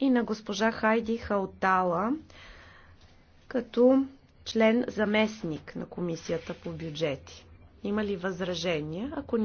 и на госпожа Хайди Халтала като член заместник на Комисията по бюджети. Има ли възражения? Ако